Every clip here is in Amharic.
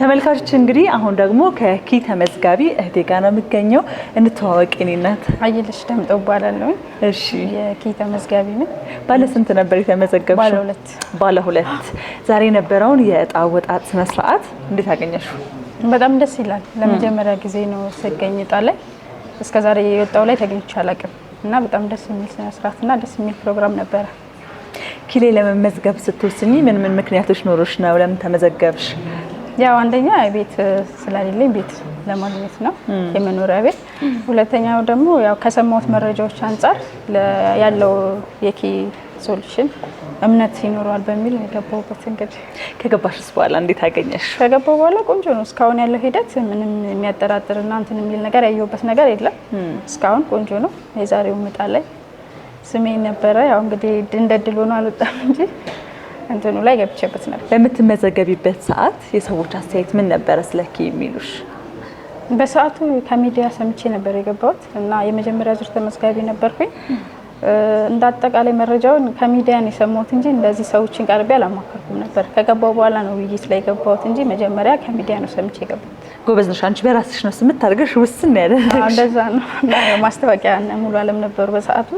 ተመልካቾች እንግዲህ አሁን ደግሞ ከኪ ተመዝጋቢ እህቴ ጋር ነው የምገኘው። እንተዋወቅ። የእኔ እናት አየለሽ ደምጠው እባላለሁ። እሺ፣ የኪ ተመዝጋቢ ነኝ። ባለ ስንት ነበር የተመዘገብሽው? ባለ ሁለት። ባለ ሁለት። ዛሬ የነበረውን የእጣ ወጣት ስነ ስርዓት እንዴት አገኘሽው? በጣም ደስ ይላል። ለመጀመሪያ ጊዜ ነው ስገኝ እጣ ላይ። ዛሬ የወጣው ላይ ተገኝቼ አላውቅም እና በጣም ደስ የሚል ስነ እና ደስ የሚል ፕሮግራም ነበረ። ኪሌ ለመመዝገብ ስትወስኚ ምን ምን ምክንያቶች ኖሮሽ ነው? ለምን ተመዘገብሽ? ያው አንደኛ ቤት ስለሌለኝ ቤት ለማግኘት ነው የመኖሪያ ቤት። ሁለተኛው ደግሞ ያው ከሰማሁት መረጃዎች አንጻር ያለው የኪ ሶሉሽን እምነት ይኖረዋል በሚል የገባሁበት። እንግዲህ ከገባሽስ በኋላ እንዴት አገኘሽ? ከገባሁ በኋላ ቆንጆ ነው። እስካሁን ያለው ሂደት ምንም የሚያጠራጥርና እንትን የሚል ነገር ያየሁበት ነገር የለም። እስካሁን ቆንጆ ነው። የዛሬው ምጣ ላይ ስሜ ነበረ። ያው እንግዲህ እንደ ድል ሆኖ አልወጣም እንጂ እንትኑ ላይ ገብቼበት ነበር። በምትመዘገቢበት ሰዓት የሰዎች አስተያየት ምን ነበረ ስለኪ የሚሉሽ? በሰዓቱ ከሚዲያ ሰምቼ ነበር የገባሁት እና የመጀመሪያ ዙር ተመዝጋቢ ነበርኩኝ። እንደ አጠቃላይ መረጃውን ከሚዲያን የሰማሁት እንጂ እንደዚህ ሰዎችን ቀርቤ አላማከርኩም ነበር። ከገባው በኋላ ነው ውይይት ላይ የገባሁት እንጂ መጀመሪያ ከሚዲያ ነው ሰምቼ የገባሁት። ጎበዝ ነሽ አንቺ፣ በራስሽ ነው ስምታደርገሽ ውስን ያለ እንደዛ ነው። ማስታወቂያ ሙሉ አለም ነበሩ በሰዓቱ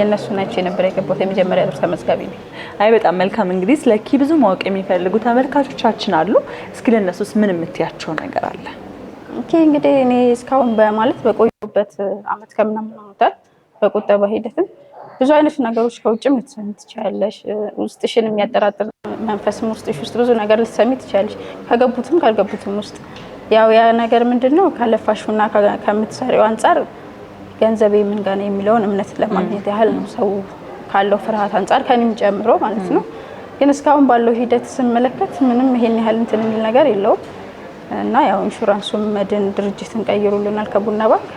የእነሱ ናቸው የነበረ የገባሁት። የመጀመሪያ ዙር ተመዝጋቢ ነው። አይ በጣም መልካም። እንግዲህ ስለ ኪ ብዙ ማወቅ የሚፈልጉ ተመልካቾቻችን አሉ። እስኪ ለእነሱስ ምን የምትያቸው ነገር አለ? ኪ እንግዲህ እኔ እስካሁን በማለት በቆዩበት አመት ከምናምን ሆኖታል በቁጠባ ሂደትም ብዙ አይነት ነገሮች ከውጭም ልትሰሚ ትችላለሽ። ውስጥሽን የሚያጠራጥር መንፈስም ውስጥሽ ውስጥ ብዙ ነገር ልትሰሚ ትችላለሽ፣ ከገቡትም ካልገቡትም ውስጥ ያው ያ ነገር ምንድን ነው ካለፋሽና ከምትሰሪው አንጻር ገንዘቤ ምን ጋር ነው የሚለውን እምነት ለማግኘት ያህል ነው ሰው ካለው ፍርሃት አንጻር ከኔም ጨምሮ ማለት ነው። ግን እስካሁን ባለው ሂደት ስመለከት ምንም ይሄን ያህል እንትን የሚል ነገር የለውም እና ያው ኢንሹራንሱን መድን ድርጅትን ቀይሩልናል ከቡና ባንክ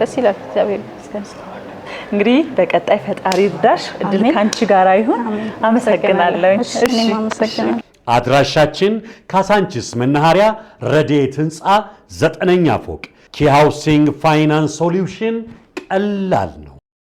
ደስ ይላል። እግዚአብሔር ይመስገን። እንግዲህ በቀጣይ ፈጣሪ እርዳሽ፣ እድል ካንቺ ጋር ይሁን። አመሰግናለሁ። አድራሻችን ካሳንቺስ መናኸሪያ ረድኤት ህንፃ ዘጠነኛ ፎቅ ኪ ሃውሲንግ ፋይናንስ ሶሉሽን ቀላል ነው።